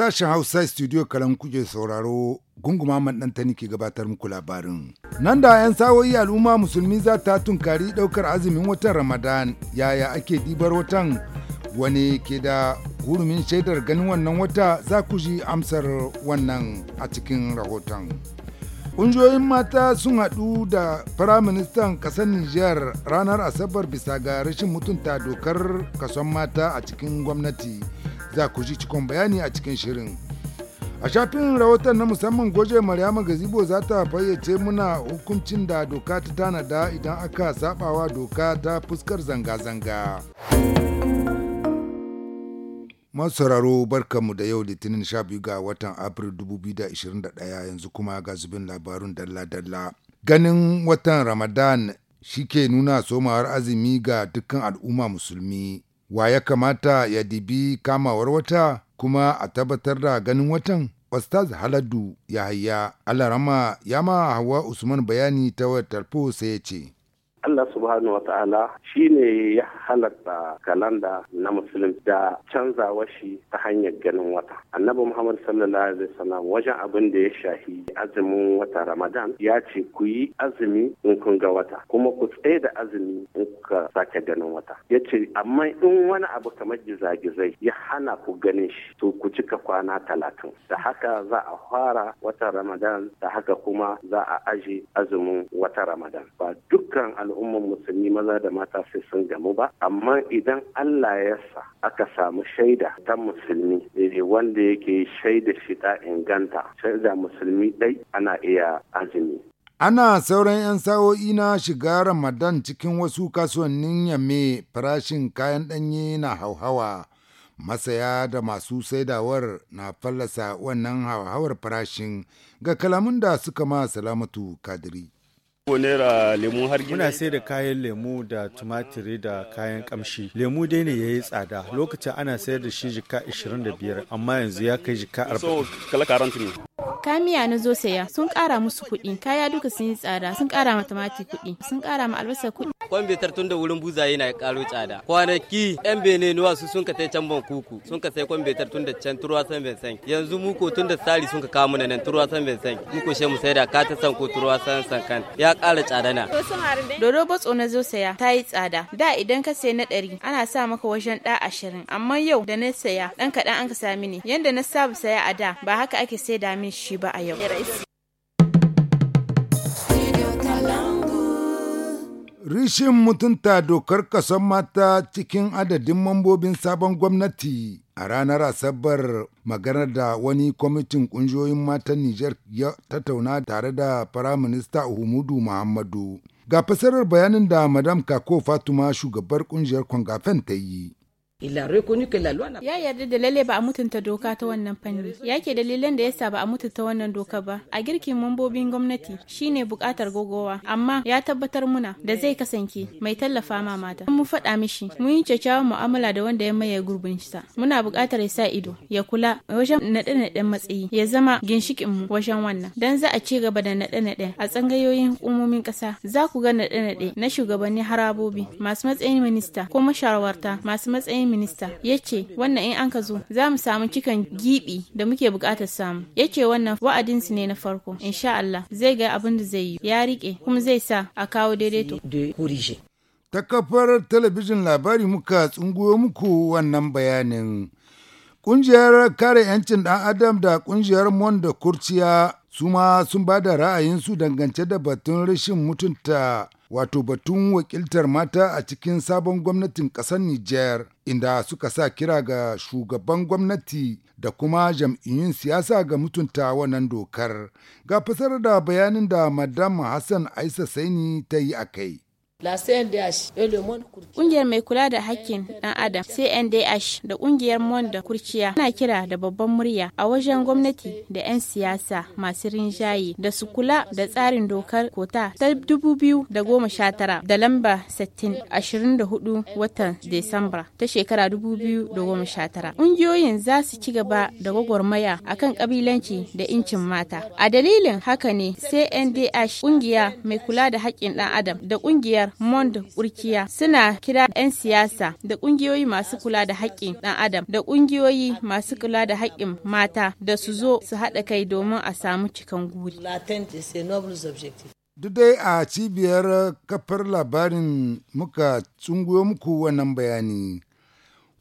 Sashen Hausa Studio Kalan kuke sauraro gunguma maɗantani ke gabatar muku labarin. Nan da 'yan sawoyi al'umma musulmi za ta tunkari ɗaukar azumin watan Ramadan yaya ake dibar watan wani ke da hurumin shaidar ganin wannan wata za ku ji amsar wannan a cikin rahoton. Ƙungiyoyin mata sun haɗu da Firaministan ƙasar Nijar ranar Asabar bisa ga rashin mutunta dokar kason mata a cikin gwamnati. za ku ji cikon bayani a cikin shirin. A shafin rahoton na musamman goje Maryama Gazibo za ta fayyace muna hukuncin da doka ta tanada idan aka sabawa doka ta fuskar zanga-zanga. Masu sauraro barkanmu da yau litinin 12 ga watan Afrilu 2021 yanzu kuma ga zubin labarun dalla-dalla. Ganin watan Ramadan shi ke nuna somawar azumi ga dukkan al'umma musulmi wa ya kamata ya dibi kamawar wata kuma a tabbatar da ganin watan Ostaz Haladu ya Yahaya Alarama ya ma Hawa Usman bayani ta wayar tarfo sai ya ce. Allah subhanahu wa ta'ala shi ne ya halatta kalanda na musulun da canzawa shi ta hanyar ganin wata. Annabi Muhammad sallallahu alaihi wasallam wajen abin da ya shahi azumin wata Ramadan ya ce ku yi azumi in kun ga wata kuma ku tsaye da azumi in kuka sake ganin wata. Ya ce amma in wani abu kamar gizagizai ya hana ku ganin shi to ku cika kwana talatin. Da haka za a fara wata Ramadan da haka kuma za a aje azumin wata Ramadan. Ba dukkan al'ummar musulmi maza da mata sai sun gamu ba amma idan Allah ya sa aka samu shaida ta musulmi eh, wanda yake shaida shi ta inganta shaida musulmi dai ana iya azumi Ana sauran 'yan sa'o'i na shiga Ramadan cikin wasu kasuwannin yamme farashin kayan ɗanye na hauhawa. Masaya da masu saidawar na fallasa wannan hauhawar farashin ga kalamun da suka ma salamatu kadiri. ko naira lemu har gina muna sai da kayan lemu da tumatiri da kayan kamshi lemu dai ne yayi tsada lokacin ana sayar da shi jika 25 amma yanzu ya kai jika 40 kamiya na zo saya sun kara musu kuɗi kaya duka sun yi tsada sun kara ma tumatir kuɗi sun kara ma albasa kuɗi kwan bai tun da wurin buzaye na karo tsada kwanaki yan bene nuwa su sun ka sai can ban kuku sun ka sai kwan bai tun da can turwa san bai san yanzu mu ko tun da tsari sun ka kama na nan turwa san bai san mu ko mu sai da ka ta san ko turwa san san kan ya kara tsada na dodo botso na zo saya ta yi tsada da idan ka sai na ɗari ana sa maka wajen ɗa ashirin amma yau da na saya ɗan kaɗan an ka sami ne yanda na saba saya a da ba haka ake sai da min shi shi ba a yau. Rishin mutunta dokar kason mata cikin adadin mambobin sabon gwamnati a ranar Asabar maganar da wani kwamitin ƙungiyoyin matan Nijar ya tattauna tare da Firaminista Uhumudu Muhammadu. Ga fasarar bayanin da Madam Kako Fatima shugabar ƙungiyar Kwangafen ta yi. Ya yarda da lalle ba a mutunta doka ta wannan fanni. Ya ke dalilan da yasa ba a mutunta wannan doka ba. A girkin mambobin gwamnati shine bukatar gogowa, amma ya tabbatar muna da zai kasance mai tallafa ma mata. Mun faɗa mishi, mun yi kyakkyawan mu'amala da wanda ya maye gurbin sa. Muna bukatar ya sa ido, ya kula wajen naɗe-naɗen matsayi, ya zama ginshikin mu wajen wannan. Dan za a ci gaba da naɗe-naɗe a tsangayoyin hukumomin ƙasa. Za ku ga naɗe-naɗe na shugabanni harabobi, masu matsayin minista ko mashawarta, masu matsayin minista ya ce wannan in an ka zo za mu samu cikan gibi da muke bukatar samu ya ce wannan wa'adinsu ne na farko insha Allah zai ga abin da zai yi ya rike kuma zai sa a kawo daidaito ta kafar talabijin labari muka tsunguwa muku wannan bayanin Ƙungiyar kare 'yancin ɗan adam da ƙungiyar da Kurciya su ma sun ba da ra'ayinsu dangance da batun rashin mutunta wato batun wakiltar mata a cikin sabon gwamnatin ƙasar Nijar inda suka sa kira ga shugaban gwamnati da kuma jam'iyyun siyasa ga mutunta wannan dokar ga fasar da bayanin da madam Hassan Aisa Saini ta yi a kai. Ƙungiyar mai kula da hakkin ɗan Adam CNDH da ƙungiyar Monda Kurciya na kira da babban murya a wajen gwamnati da 'yan siyasa masu rinjaye da su kula da tsarin dokar kota ta 2019 da lamba 60 24 watan Desamba ta shekara 2019. Ƙungiyoyin za su ci gaba da gwagwarmaya a kan ƙabilanci da incin mata. A dalilin haka ne CNDH ƙungiya mai kula da hakkin ɗan Adam da ƙungiyar Mond Urkiya suna kira 'yan siyasa da kungiyoyi masu kula da haƙƙin ɗan adam da ƙungiyoyi masu kula da haƙƙin mata da su zo su haɗa kai domin a samu cikan guri. Duk dai a cibiyar kafar labarin muka tsunguyo muku wannan bayani.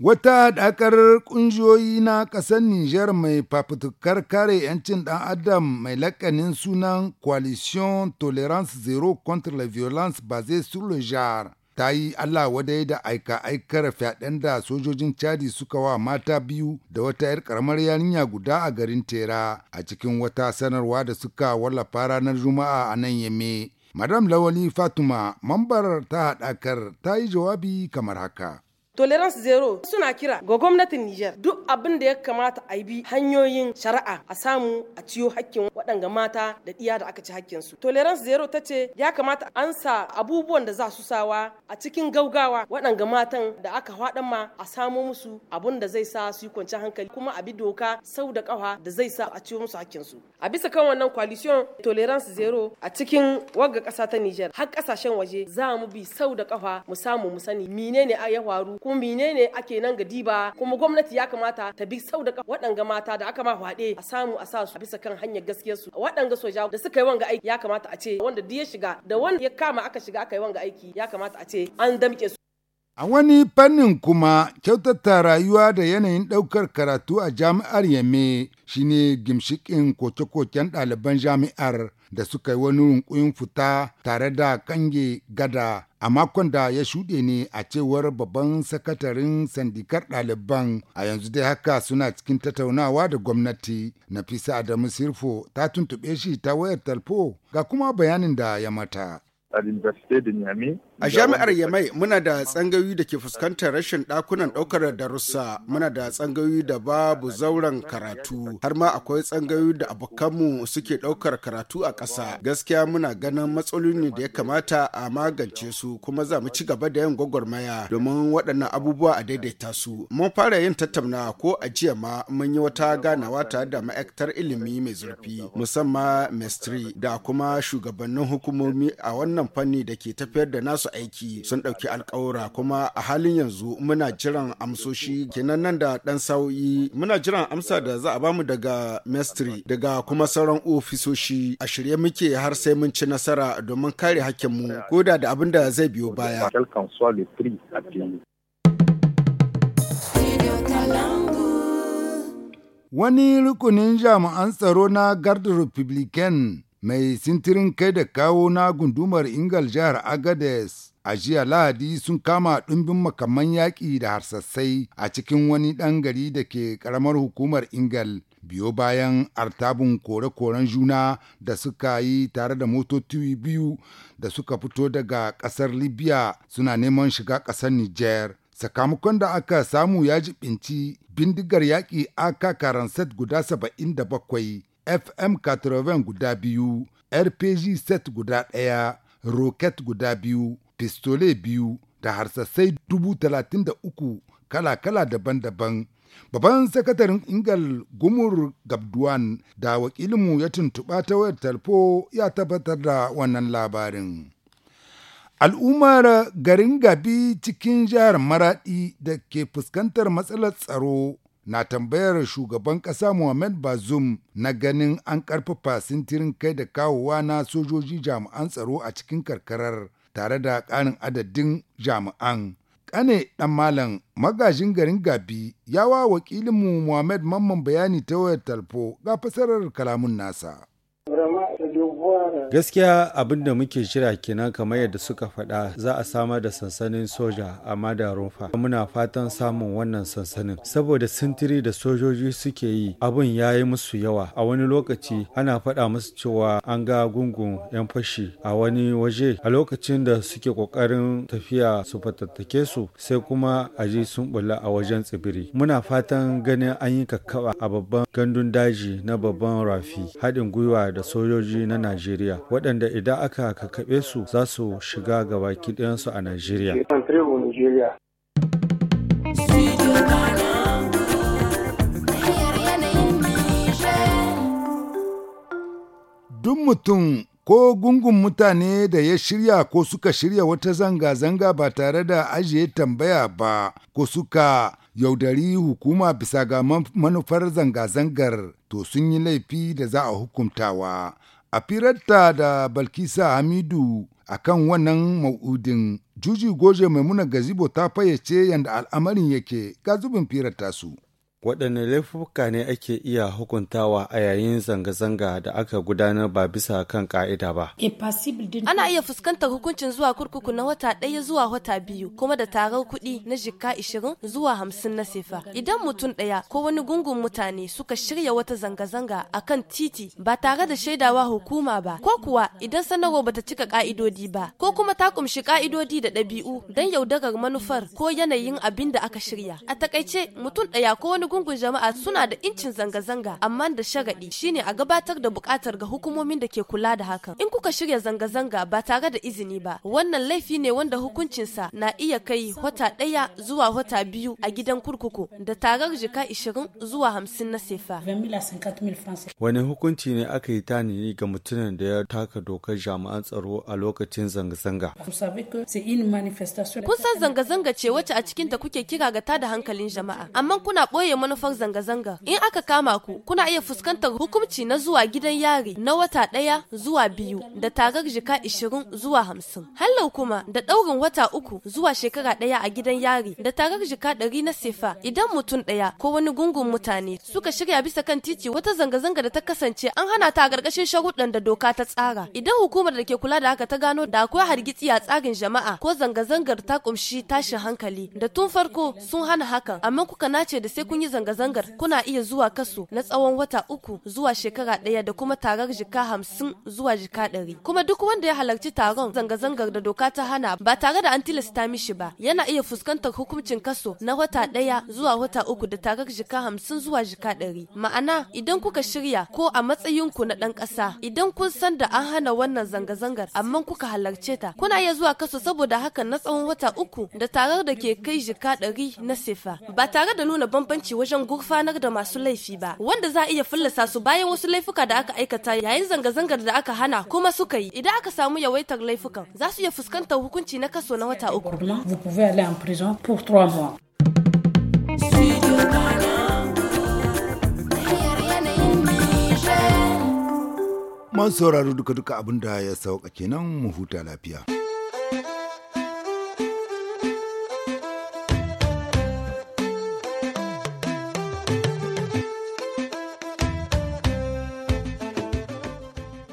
Wata haɗakar ƙungiyoyi na ƙasar Nijar mai fafutukar kare 'yancin ɗan Adam mai lakanin sunan Coalition Tolerance Zero contre la Violence basée sur le Jar ta yi Allah wadai da aika-aikar fyaɗen da sojojin Chadi suka wa mata biyu da wata 'yar ƙaramar yarinya guda a garin Tera a cikin wata sanarwa da suka wallafa ranar Juma'a a nan Yame. Madam Lawali Fatima mambar ta haɗakar, ta yi jawabi kamar haka. tolerance zero suna kira ga gwamnatin niger duk abin da ya kamata a bi hanyoyin shari'a a samu a ciyo hakkin waɗanga mata da ɗiya da aka ci hakkin su. Tolerance zero ta ce ya kamata an sa abubuwan da za su sawa a cikin gaugawa waɗanga matan da aka haɗa ma a samo musu abun da zai sa su yi kwanci hankali kuma a bi doka sau da ƙafa da zai sa a ciyo musu hakkin su. A bisa kan wannan coalition tolerance zero a cikin wagga ƙasa ta niger har ƙasashen waje za mu bi sau da ƙafa mu samu mu sani menene ya faru kuma menene ake nan ga diba kuma gwamnati ya kamata ta bi sau da waɗanga mata da aka ma haɗe a samu a sa su bisa kan hanyar gaskiyar su waɗanga soja da suka yi wanga aiki ya kamata a ce wanda duk ya shiga da wanda ya kama aka shiga aka yi wanga aiki ya kamata a ce an damƙe su A wani fannin kuma kyautata rayuwa da yanayin ɗaukar karatu a jami'ar Yame shine gimshikin koke-koken ɗaliban jami'ar da suka yi wani runkuyin fita tare da kange gada a makon da ya shuɗe ne a cewar babban sakatarin sandikar ɗaliban a yanzu dai haka suna cikin tattaunawa da gwamnati nafisa adamu sirfo ta tuntuɓe shi ta wayar talfo ga kuma bayanin da ya mata a jami'ar Yamai muna da tsangayoyi da ke fuskantar rashin ɗakunan ɗaukar darussa, muna da tsangayoyi da babu zauren karatu, har ma akwai tsangayoyi da abokanmu suke ɗaukar karatu a ƙasa. Gaskiya muna ganin matsaloli da ya kamata a magance su kuma za mu ci gaba da yin gwagwarmaya domin waɗannan abubuwa a daidaita su. Mun fara yin tattauna ko a jiya ma mun yi wata ganawa tare da ma'aikatar ilimi mai zurfi musamman Mestri da kuma shugabannin hukumomi a wannan wannan fanni da ke tafiyar da nasu aiki sun ɗauki alkawura kuma a halin yanzu muna jiran amsoshi kenan nan da ɗan sauyi muna jiran amsa da za a bamu daga mestri daga kuma sauran ofisoshi a shirye muke har sai mun ci nasara domin kare mu ko da da abin da zai biyo baya. Wani rukunin jami'an tsaro na Garda Republican mai sintirin kai da kawo na gundumar ingal jihar agades a jiya lahadi sun kama ɗumbin makaman yaƙi da harsassai a cikin wani ɗan gari da ke ƙaramar hukumar ingal biyo bayan artabun kore-koren juna da suka yi tare da motoci biyu da suka fito daga ƙasar libya suna neman shiga ƙasar niger sakamakon da aka samu ya jibinci bindigar yaƙi aka karanset guda 77 FM 80 guda biyu, RPG set guda ɗaya, roket guda biyu, pistole biyu da harsassai dubu talatin da uku kala-kala daban-daban. Babban sakataren Ingal Gumur Gabduwan da wakilinmu ya tuntuɓa ta wayar talfo ya tabbatar da wannan labarin. Al'ummar garin Gabi cikin jihar Maraɗi da ke fuskantar matsalar tsaro na tambayar shugaban ƙasa Muhammad Bazoum na ganin an ƙarfafa sintirin kai da kawowa na sojoji jami'an tsaro a cikin karkarar tare da ƙarin adadin jami'an. ƙane ɗan malam magajin garin Gabi ya wa wakilinmu Muhammad Mamman bayani ta wayar talfo ga fasarar kalamun nasa. Gaskiya abin da muke jira kenan kamar yadda suka faɗa za a samar da sansanin soja a Mada Rumfa. Muna fatan samun wannan sansanin. Saboda sintiri da sojoji suke yi abin ya yi musu yawa. A wani lokaci ana faɗa musu cewa an ga gungun 'yan fashi a wani waje a lokacin da suke ƙoƙarin tafiya su fatattake su sai kuma a ji sun bula a wajen tsibiri. Muna fatan ganin an yi kakkaɓa a babban gandun daji na babban rafi haɗin gwiwa da sojoji na Najeriya. Najeriya waɗanda idan aka kakaɓe su za su shiga gabaki ɗayansu a Najeriya. Duk mutum ko gungun mutane da ya shirya ko suka shirya wata zanga-zanga ba tare da ajiye tambaya ba ko suka yaudari hukuma bisa ga manufar zanga-zangar to sun yi laifi da za a hukuntawa A firarta da Balkisa Hamidu a kan wannan ma'udin, Juji Goje Maimuna Gazibo ta fayyace yadda al'amarin yake ga zubin su su. waɗanne laifuka ne ake iya hukuntawa a yayin zanga-zanga da aka gudanar ba bisa kan ka'ida ba. Ana iya fuskantar hukuncin zuwa kurkuku na wata ɗaya zuwa wata biyu kuma da tarar kuɗi na jikka ishirin zuwa hamsin na sefa. Idan mutum ɗaya ko wani gungun mutane suka shirya wata zanga-zanga a kan titi ba tare da shaidawa hukuma ba ko kuwa idan sanarwa bata cika ka'idodi ba ko kuma ta kumshi ka'idodi da ɗabi'u don yaudarar manufar ko yanayin abin da aka shirya. A takaice mutum ɗaya ko wani gungun jama'a suna da incin zanga-zanga amma da shagadi shine a gabatar da bukatar ga hukumomin da ke kula da hakan. In kuka shirya zanga-zanga ba tare da izini ba, wannan laifi ne wanda hukuncinsa na iya kai wata ɗaya zuwa wata biyu a gidan kurkuku da tarar jika 20 zuwa 50 na sefa. Wani hukunci ne aka yi tanini ga mutumin da ya taka dokar jami'an tsaro a lokacin zanga-zanga? Kun san zanga-zanga ce wacce a cikin cikinta kuke kira ga da hankalin jama'a, amma kuna ɓoye manufar zanga-zanga. In aka kama ku, kuna iya fuskantar hukunci na zuwa gidan yari na wata daya zuwa biyu da tarar jika ishirin zuwa hamsin. Hallau kuma da ɗaurin wata uku zuwa shekara ɗaya a gidan yari da tarar jika ɗari na sefa idan mutum ɗaya ko wani gungun mutane suka shirya bisa kan titi wata zanga-zanga da ta kasance an hana ta a ƙarƙashin sharuɗɗan da doka ta tsara. Idan hukumar da ke kula da haka ta gano da akwai hargitsi a tsarin jama'a ko zanga-zangar ta ƙumshi tashin hankali da tun farko sun hana hakan amma kuka nace da sai kun yi zanga-zangar kuna iya zuwa kaso na tsawon wata uku zuwa shekara ɗaya da kuma tarar jika hamsin zuwa jika ɗari. Kuma duk wanda ya halarci taron zanga-zangar da doka ta hana ba tare da an tilasta mishi ba yana iya fuskantar hukuncin kaso na wata ɗaya zuwa wata uku da tarar jika hamsin zuwa jika ɗari. Ma'ana idan kuka shirya ko a matsayinku na ɗan ƙasa idan kun san da an hana wannan zanga-zangar amma kuka halarce ta kuna iya zuwa kaso saboda hakan na tsawon wata uku da tarar da ke kai jika ɗari na sefa ba tare da nuna bambanci wajen gurfanar da masu laifi ba wanda za a iya fallasa su bayan wasu laifuka da aka aikata yayin zanga-zangar da aka hana kuma suka yi idan aka samu yawaitar laifukan za su iya fuskantar hukunci na kaso na wata uku. Man sauraro duka-duka abin da ya sauka kenan mu huta lafiya.